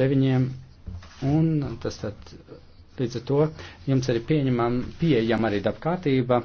deviņiem, un tas tad līdz ar to jums arī pieņemam, pieejam arī dabkārtība.